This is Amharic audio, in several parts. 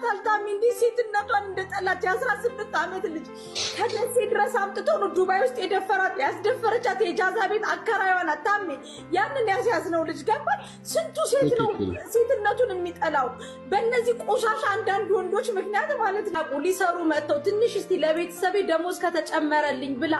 tal, tal. እንዲህ ሴትነቷን እንደጠላች የአስራ ስምንት ዓመት ልጅ ከደሴ ድረስ አምጥቶ ነው ዱባይ ውስጥ የደፈራት ያስደፈረቻት የጃዛ ቤት አከራይዋ ናት ታሜ። ያንን ያስያዝነው ልጅ ገባ። ስንቱ ሴት ነው ሴትነቱን የሚጠላው በእነዚህ ቆሻሻ አንዳንድ ወንዶች ምክንያት ማለት ነው። ሊሰሩ መጥተው ትንሽ እስቲ ለቤተሰቤ ደሞዝ ከተጨመረልኝ ብላ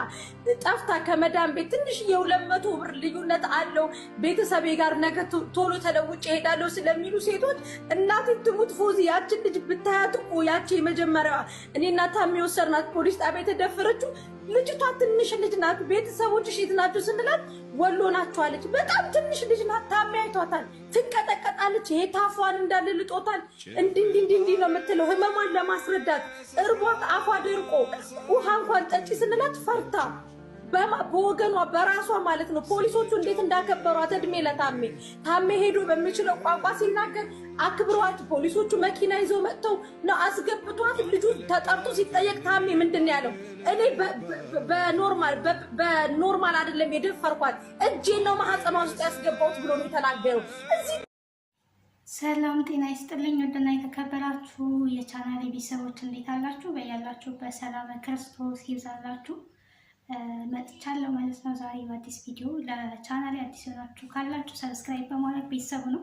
ጠፍታ ከመዳን ቤት ትንሽ የሁለት መቶ ብር ልዩነት አለው ቤተሰቤ ጋር ነገ ቶሎ ተለውጭ እሄዳለሁ ስለሚሉ ሴቶች እናቴ ትሙት ፎዚ ያችን ልጅ ብታያት እኮ ያቺ የመጀመሪያዋ እኔና እናታ የሚወሰድናት ፖሊስ ጣቢያ የተደፈረችው ልጅቷ ትንሽ ልጅ ናት። ቤተሰቦችሽ የት ናቸው ስንላት ወሎ ናቸው አለች። በጣም ትንሽ ልጅ ናት። ታሚያይቷታል፣ ትንቀጠቀጣለች። ይሄ ታፏን እንዳለ ልጦታል። እንዲህ እንዲህ እንዲህ ነው የምትለው ህመሟን ለማስረዳት እርቧት አፏ ደርቆ ውሃ እንኳን ጠጪ ስንላት ፈርታ በወገኗ በራሷ ማለት ነው። ፖሊሶቹ እንዴት እንዳከበሯት እድሜ ለታሜ ታሜ ሄዶ በሚችለው ቋንቋ ሲናገር አክብሯት። ፖሊሶቹ መኪና ይዘው መጥተው ነው አስገብቷት። ልጁ ተጠርቶ ሲጠየቅ ታሜ ምንድን ነው ያለው? እኔ በኖርማል በኖርማል አይደለም የደፈርኳት እጄን ነው ማህፀኗ ውስጥ ያስገባሁት ብሎ ነው የተናገረው። ሰላም ጤና ይስጥልኝ። ውድና የተከበራችሁ የቻናል ቤተሰቦች እንዴት አላችሁ? በያላችሁ በሰላም ክርስቶስ ይብዛላችሁ። መጥቻለሁ ማለት ነው። ዛሬ በአዲስ ቪዲዮ ለቻናል አዲስ ሆናችሁ ካላችሁ ሰብስክራይብ በማድረግ ቤተሰቡ ነው።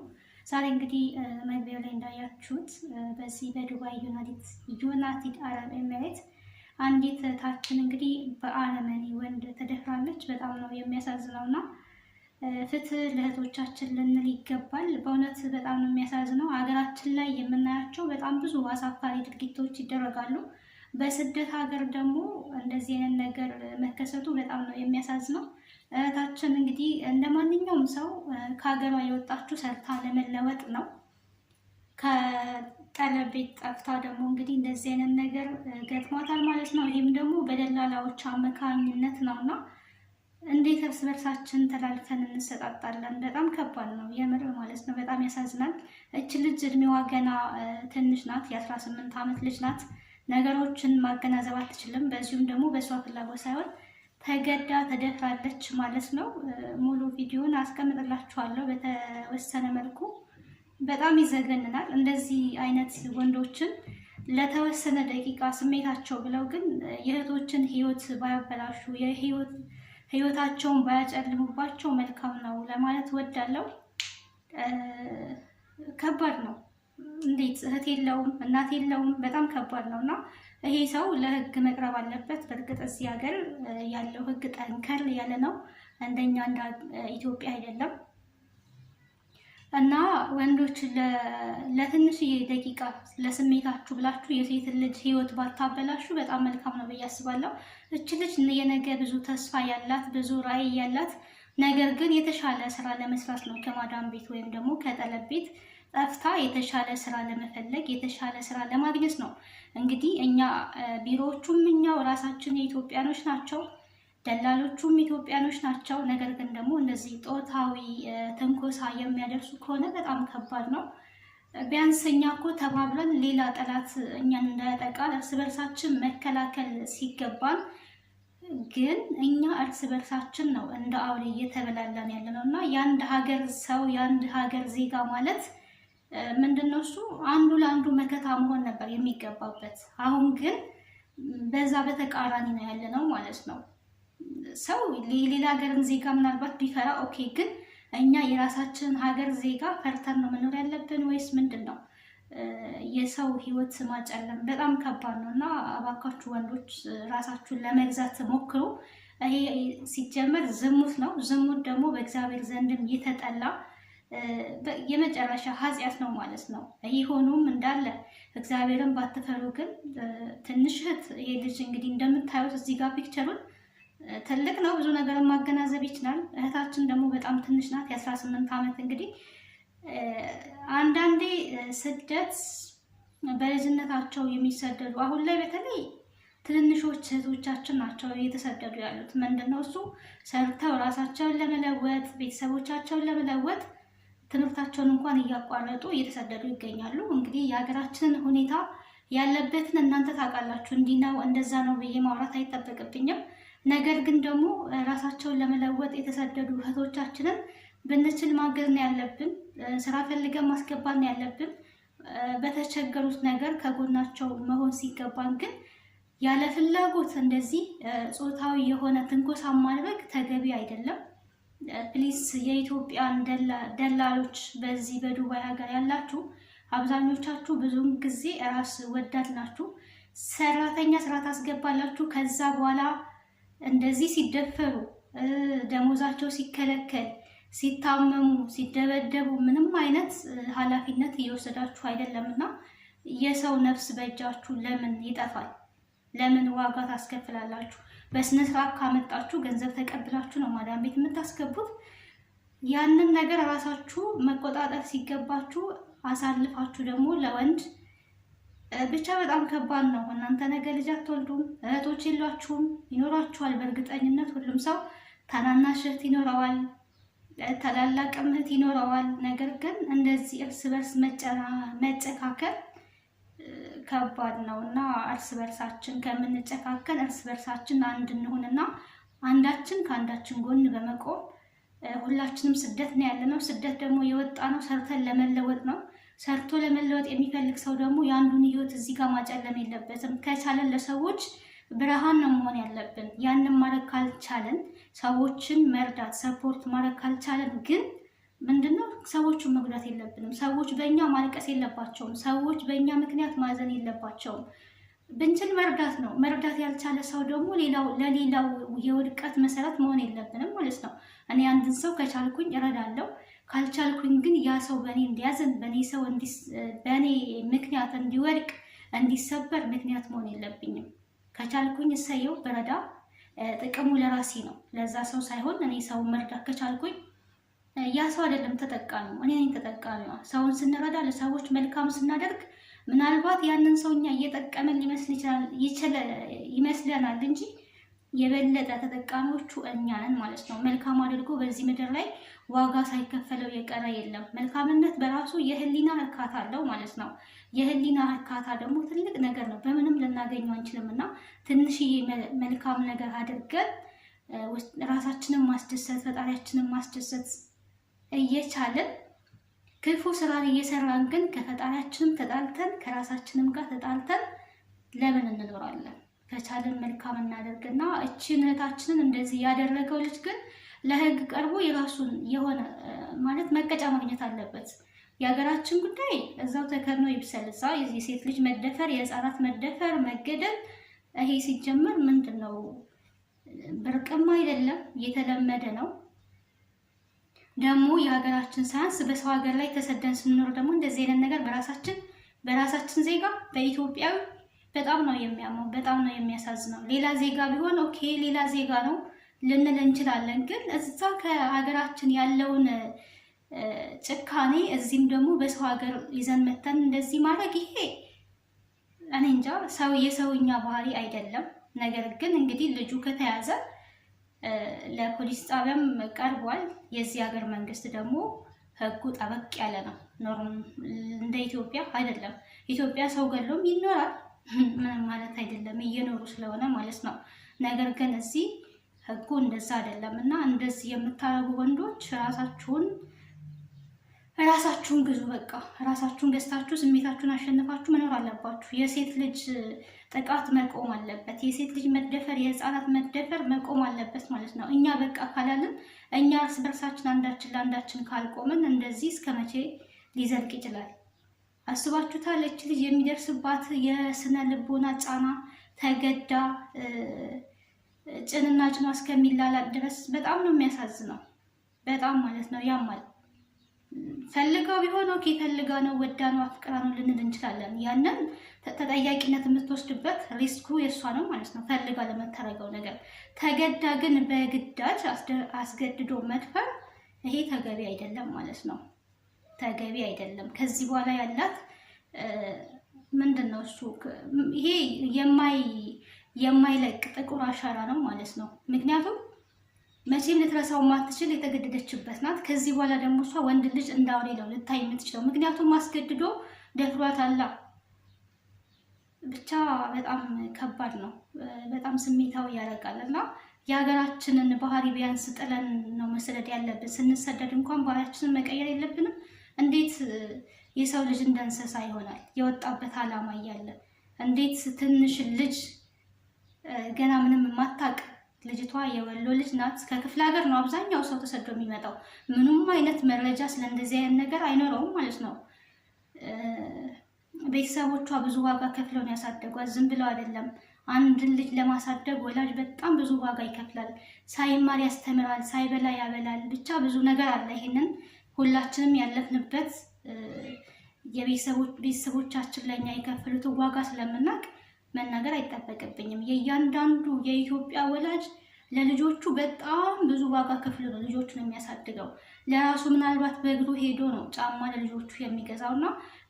ዛሬ እንግዲህ መግቢያው ላይ እንዳያችሁት በዚህ በዱባይ ዩናይትድ አረብ ኤምሬት አንዲት እህታችን እንግዲህ በአረመኔ ወንድ ተደፍራለች። በጣም ነው የሚያሳዝነው እና ፍትህ ለእህቶቻችን ልንል ይገባል። በእውነት በጣም ነው የሚያሳዝነው። ሀገራችን ላይ የምናያቸው በጣም ብዙ አሳፋሪ ድርጊቶች ይደረጋሉ። በስደት ሀገር ደግሞ እንደዚህ አይነት ነገር መከሰቱ በጣም ነው የሚያሳዝነው። እህታችን እንግዲህ እንደ ማንኛውም ሰው ከሀገሯ የወጣችው ሰርታ ለመለወጥ ነው። ከጠለብ ቤት ጠፍታ ደግሞ እንግዲህ እንደዚህ አይነት ነገር ገጥሟታል ማለት ነው። ይህም ደግሞ በደላላዎች አመካኝነት ነው እና እንዴት እርስ በርሳችን ተላልፈን እንሰጣጣለን? በጣም ከባድ ነው የምር ማለት ነው። በጣም ያሳዝናል። እች ልጅ እድሜዋ ገና ትንሽ ናት። የአስራ ስምንት ዓመት ልጅ ናት። ነገሮችን ማገናዘብ አትችልም። በዚሁም ደግሞ በእሷ ፍላጎት ሳይሆን ተገዳ ተደፍራለች ማለት ነው። ሙሉ ቪዲዮን አስቀምጥላችኋለሁ በተወሰነ መልኩ። በጣም ይዘገንናል እንደዚህ አይነት ወንዶችን ለተወሰነ ደቂቃ ስሜታቸው ብለው ግን የእህቶችን ህይወት ባያበላሹ ህይወታቸውን ባያጨልሙባቸው መልካም ነው ለማለት ወዳለው። ከባድ ነው። እንዴት እህት የለውም እናት የለውም? በጣም ከባድ ነው እና ይሄ ሰው ለህግ መቅረብ አለበት። በእርግጥ እዚህ ሀገር ያለው ህግ ጠንከር ያለ ነው፣ እንደኛ እንደ ኢትዮጵያ አይደለም። እና ወንዶች ለትንሽዬ ደቂቃ ለስሜታችሁ ብላችሁ የሴትን ልጅ ህይወት ባታበላሹ በጣም መልካም ነው ብዬ አስባለሁ። እች ልጅ የነገ ብዙ ተስፋ ያላት ብዙ ራዕይ ያላት ነገር ግን የተሻለ ስራ ለመስራት ነው ከማዳም ቤት ወይም ደግሞ ከጠለብ ቤት ጠፍታ የተሻለ ስራ ለመፈለግ የተሻለ ስራ ለማግኘት ነው። እንግዲህ እኛ ቢሮዎቹም እኛው ራሳችን የኢትዮጵያኖች ናቸው፣ ደላሎቹም ኢትዮጵያኖች ናቸው። ነገር ግን ደግሞ እነዚህ ጾታዊ ትንኮሳ የሚያደርሱ ከሆነ በጣም ከባድ ነው። ቢያንስ እኛ እኮ ተባብረን ሌላ ጠላት እኛን እንዳያጠቃ እርስ በርሳችን መከላከል ሲገባን ግን እኛ እርስ በርሳችን ነው እንደ አውሬ እየተበላላን ያለ ነው እና የአንድ ሀገር ሰው የአንድ ሀገር ዜጋ ማለት ምንድን ነው እሱ አንዱ ለአንዱ መከታ መሆን ነበር የሚገባበት። አሁን ግን በዛ በተቃራኒ ነው ያለ ነው ማለት ነው። ሰው የሌላ ሀገርን ዜጋ ምናልባት ቢፈራ ኦኬ፣ ግን እኛ የራሳችን ሀገር ዜጋ ፈርተን ነው መኖር ያለብን ወይስ ምንድን ነው? የሰው ህይወት ማጨለም በጣም ከባድ ነው እና እባካችሁ ወንዶች ራሳችሁን ለመግዛት ሞክሩ። ይሄ ሲጀመር ዝሙት ነው። ዝሙት ደግሞ በእግዚአብሔር ዘንድም የተጠላ የመጨረሻ ኃጢአት ነው ማለት ነው። ይሆኑም እንዳለ እግዚአብሔርን ባትፈሩ ግን ትንሽ እህት ይሄ ልጅ እንግዲህ እንደምታዩት እዚህ ጋር ፒክቸሩን ትልቅ ነው፣ ብዙ ነገር ማገናዘብ ይችላል። እህታችን ደግሞ በጣም ትንሽ ናት፣ የአስራ ስምንት ዓመት እንግዲህ አንዳንዴ ስደት በልጅነታቸው የሚሰደዱ አሁን ላይ በተለይ ትንንሾች እህቶቻችን ናቸው እየተሰደዱ ያሉት። ምንድን ነው እሱ ሰርተው ራሳቸውን ለመለወጥ ቤተሰቦቻቸውን ለመለወጥ ትምህርታቸውን እንኳን እያቋረጡ እየተሰደዱ ይገኛሉ። እንግዲህ የሀገራችንን ሁኔታ ያለበትን እናንተ ታውቃላችሁ። እንዲና እንደዛ ነው ብዬ ማውራት አይጠበቅብኝም። ነገር ግን ደግሞ ራሳቸውን ለመለወጥ የተሰደዱ እህቶቻችንን ብንችል ማገዝ ነው ያለብን። ስራ ፈልገን ማስገባት ነው ያለብን። በተቸገሩት ነገር ከጎናቸው መሆን ሲገባን ግን ያለ ፍላጎት እንደዚህ ጾታዊ የሆነ ትንኮሳ ማድረግ ተገቢ አይደለም። ፕሊስ የኢትዮጵያን ደላሎች በዚህ በዱባይ ሀገር ያላችሁ አብዛኞቻችሁ ብዙውን ጊዜ ራስ ወዳድ ናችሁ። ሰራተኛ ስራ ታስገባላችሁ። ከዛ በኋላ እንደዚህ ሲደፈሩ፣ ደሞዛቸው ሲከለከል፣ ሲታመሙ፣ ሲደበደቡ ምንም አይነት ኃላፊነት እየወሰዳችሁ አይደለም እና የሰው ነፍስ በእጃችሁ ለምን ይጠፋል? ለምን ዋጋ ታስከፍላላችሁ? በስነ ስርዓት ካመጣችሁ ገንዘብ ተቀብላችሁ ነው ማዳም ቤት የምታስገቡት። ያንን ነገር ራሳችሁ መቆጣጠር ሲገባችሁ አሳልፋችሁ ደግሞ ለወንድ ብቻ በጣም ከባድ ነው። እናንተ ነገ ልጅ አትወልዱም፣ እህቶች የሏችሁም። ይኖራችኋል በእርግጠኝነት ሁሉም ሰው ታናናሽ እህት ይኖረዋል፣ ታላላቅ እህት ይኖረዋል። ነገር ግን እንደዚህ እርስ በርስ መጨካከል ከባድ ነው እና እርስ በርሳችን ከምንጨካከን እርስ በርሳችን አንድ እንሁንና አንዳችን ከአንዳችን ጎን በመቆም ሁላችንም ስደት ነው ያለ ነው። ስደት ደግሞ የወጣ ነው ሰርተን ለመለወጥ ነው። ሰርቶ ለመለወጥ የሚፈልግ ሰው ደግሞ የአንዱን ህይወት እዚህ ጋር ማጨለም የለበትም። ከቻለን ለሰዎች ብርሃን ነው መሆን ያለብን። ያንን ማድረግ ካልቻለን፣ ሰዎችን መርዳት ሰፖርት ማድረግ ካልቻለን ግን ምንድነው ሰዎቹን መጉዳት የለብንም። ሰዎች በእኛ ማልቀስ የለባቸውም። ሰዎች በእኛ ምክንያት ማዘን የለባቸውም። ብንችል መርዳት ነው። መርዳት ያልቻለ ሰው ደግሞ ለሌላው የውድቀት መሰረት መሆን የለብንም ማለት ነው። እኔ አንድን ሰው ከቻልኩኝ እረዳለሁ፣ ካልቻልኩኝ ግን ያ ሰው በእኔ እንዲያዝን፣ በእኔ ሰው በእኔ ምክንያት እንዲወድቅ፣ እንዲሰበር ምክንያት መሆን የለብኝም። ከቻልኩኝ እሰየው ብረዳ፣ ጥቅሙ ለራሴ ነው፣ ለዛ ሰው ሳይሆን እኔ ሰው መርዳት ከቻልኩኝ ያ ሰው አይደለም ተጠቃሚው፣ እኔ ነኝ ተጠቃሚዋ። ሰውን ስንረዳ ለሰዎች መልካም ስናደርግ ምናልባት ያንን ሰው እኛ እየጠቀመን ይመስለናል እንጂ የበለጠ ተጠቃሚዎቹ እኛ ነን ማለት ነው። መልካም አድርጎ በዚህ ምድር ላይ ዋጋ ሳይከፈለው የቀረ የለም። መልካምነት በራሱ የህሊና እርካታ አለው ማለት ነው። የህሊና እርካታ ደግሞ ትልቅ ነገር ነው። በምንም ልናገኘው አንችልም እና ትንሽዬ መልካም ነገር አድርገን ራሳችንን ማስደሰት፣ ፈጣሪያችንን ማስደሰት እየቻልን ክፉ ስራን እየሰራን ግን ከፈጣሪያችንም ተጣልተን ከራሳችንም ጋር ተጣልተን ለምን እንኖራለን? ከቻልን መልካም እናደርግና እችን እህታችንን እንደዚህ ያደረገው ልጅ ግን ለህግ ቀርቦ የራሱን የሆነ ማለት መቀጫ ማግኘት አለበት። የሀገራችን ጉዳይ እዛው ተከድኖ ይብሰል። እዛ የሴት ልጅ መደፈር፣ የህፃናት መደፈር፣ መገደል ይሄ ሲጀመር ምንድን ነው? ብርቅም አይደለም፣ የተለመደ ነው። ደግሞ የሀገራችን ሳያንስ በሰው ሀገር ላይ ተሰደን ስንኖር ደግሞ እንደዚህ አይነት ነገር በራሳችን በራሳችን ዜጋ በኢትዮጵያዊ በጣም ነው የሚያመው፣ በጣም ነው የሚያሳዝነው። ሌላ ዜጋ ቢሆን ኦኬ፣ ሌላ ዜጋ ነው ልንል እንችላለን። ግን እዛ ከሀገራችን ያለውን ጭካኔ እዚህም ደግሞ በሰው ሀገር ይዘን መተን እንደዚህ ማድረግ ይሄ እኔ እንጃ ሰው የሰውኛ ባህሪ አይደለም። ነገር ግን እንግዲህ ልጁ ከተያዘ ለፖሊስ ጣቢያም ቀርቧል። የዚህ ሀገር መንግስት ደግሞ ህጉ ጠበቅ ያለ ነው። እንደ ኢትዮጵያ አይደለም። ኢትዮጵያ ሰው ገሎም ይኖራል ምንም ማለት አይደለም፣ እየኖሩ ስለሆነ ማለት ነው። ነገር ግን እዚህ ህጉ እንደዛ አይደለም እና እንደዚህ የምታደርጉ ወንዶች ራሳችሁን ራሳችሁን ግዙ። በቃ ራሳችሁን ገዝታችሁ ስሜታችሁን አሸንፋችሁ መኖር አለባችሁ። የሴት ልጅ ጥቃት መቆም አለበት። የሴት ልጅ መደፈር፣ የህፃናት መደፈር መቆም አለበት ማለት ነው። እኛ በቃ ካላልን፣ እኛ እርስ በርሳችን አንዳችን ለአንዳችን ካልቆምን እንደዚህ እስከ መቼ ሊዘልቅ ይችላል? አስባችሁታል? እች ልጅ የሚደርስባት የስነ ልቦና ጫና ተገዳ ጭንና ጭኗ እስከሚላላት ድረስ በጣም ነው የሚያሳዝነው። በጣም ማለት ነው ያማል። ፈልገው ቢሆን ኦኬ፣ ፈልጋ ነው ወዳ ነው አፍቅራ ነው ልንል እንችላለን። ያንን ተጠያቂነት የምትወስድበት ሪስኩ የእሷ ነው ማለት ነው፣ ፈልጋ ለመታረገው ነገር። ተገዳ ግን በግዳጅ አስገድዶ መድፈር ይሄ ተገቢ አይደለም ማለት ነው፣ ተገቢ አይደለም። ከዚህ በኋላ ያላት ምንድን ነው እሱ ይሄ የማይለቅ ጥቁር አሻራ ነው ማለት ነው። ምክንያቱም መቼም ልትረሳው ማትችል የተገደደችበት ናት። ከዚህ በኋላ ደግሞ እሷ ወንድ ልጅ እንዳውሬ ነው ልታይ የምትችለው። ምክንያቱም አስገድዶ ደፍሯት አላ ብቻ በጣም ከባድ ነው። በጣም ስሜታዊ ያደርጋል እና የሀገራችንን ባህሪ ቢያንስ ጥለን ነው መሰደድ ያለብን። ስንሰደድ እንኳን ባህሪያችንን መቀየር የለብንም። እንዴት የሰው ልጅ እንደ እንስሳ ይሆናል? የወጣበት አላማ እያለ እንዴት ትንሽ ልጅ ገና ምንም የማታውቅ ልጅቷ የወሎ ልጅ ናት። ከክፍለ ሀገር ነው አብዛኛው ሰው ተሰዶ የሚመጣው። ምንም አይነት መረጃ ስለ እንደዚህ አይነት ነገር አይኖረውም ማለት ነው። ቤተሰቦቿ ብዙ ዋጋ ከፍለው ነው ያሳደጓት። ዝም ብለው አይደለም። አንድን ልጅ ለማሳደግ ወላጅ በጣም ብዙ ዋጋ ይከፍላል። ሳይማር ያስተምራል፣ ሳይበላ ያበላል። ብቻ ብዙ ነገር አለ። ይህንን ሁላችንም ያለፍንበት የቤተሰቦቻችን ለእኛ የከፈሉትን ዋጋ ስለምናውቅ መናገር አይጠበቅብኝም። የእያንዳንዱ የኢትዮጵያ ወላጅ ለልጆቹ በጣም ብዙ ዋጋ ከፍሎ ነው ልጆቹን የሚያሳድገው። ለራሱ ምናልባት በእግሩ ሄዶ ነው ጫማ ለልጆቹ የሚገዛው እና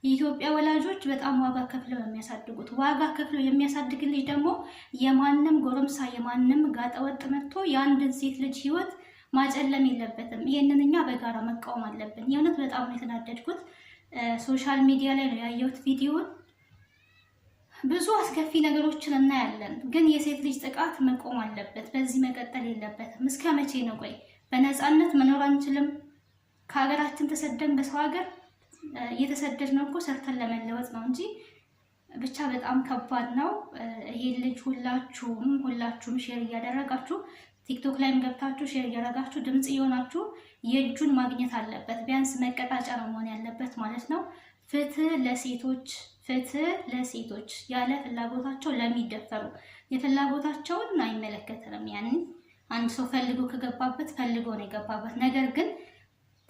የኢትዮጵያ ወላጆች በጣም ዋጋ ከፍለው ነው የሚያሳድጉት። ዋጋ ከፍሎ የሚያሳድግ ልጅ ደግሞ የማንም ጎረምሳ የማንም ጋጠወጥ መጥቶ የአንድን ሴት ልጅ ህይወት ማጨለም የለበትም። ይህንን እኛ በጋራ መቃወም አለብን። የእውነት በጣም ነው የተናደድኩት። ሶሻል ሚዲያ ላይ ነው ያየሁት ቪዲዮን ብዙ አስከፊ ነገሮችን እናያለን። ግን የሴት ልጅ ጥቃት መቆም አለበት። በዚህ መቀጠል የለበትም። እስከ መቼ ነው? ቆይ በነፃነት መኖር አንችልም። ከሀገራችን ተሰደን በሰው ሀገር እየተሰደድ ነው እኮ ሰርተን ለመለወጥ ነው እንጂ ብቻ በጣም ከባድ ነው። ይሄ ልጅ ሁላችሁም ሁላችሁም ሼር እያደረጋችሁ ቲክቶክ ላይም ገብታችሁ ሼር እያደረጋችሁ ድምፅ እየሆናችሁ የእጁን ማግኘት አለበት። ቢያንስ መቀጣጫ ነው መሆን ያለበት ማለት ነው። ፍትህ ለሴቶች ፍትህ ለሴቶች ያለ ፍላጎታቸው ለሚደፈሩ የፍላጎታቸውን አይመለከተንም። ያን አንድ ሰው ፈልጎ ከገባበት ፈልጎ ነው የገባበት። ነገር ግን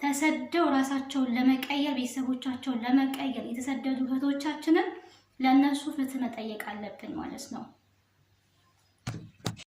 ተሰደው ራሳቸውን ለመቀየር ቤተሰቦቻቸውን ለመቀየር የተሰደዱ እህቶቻችንን ለእነሱ ፍትህ መጠየቅ አለብን ማለት ነው።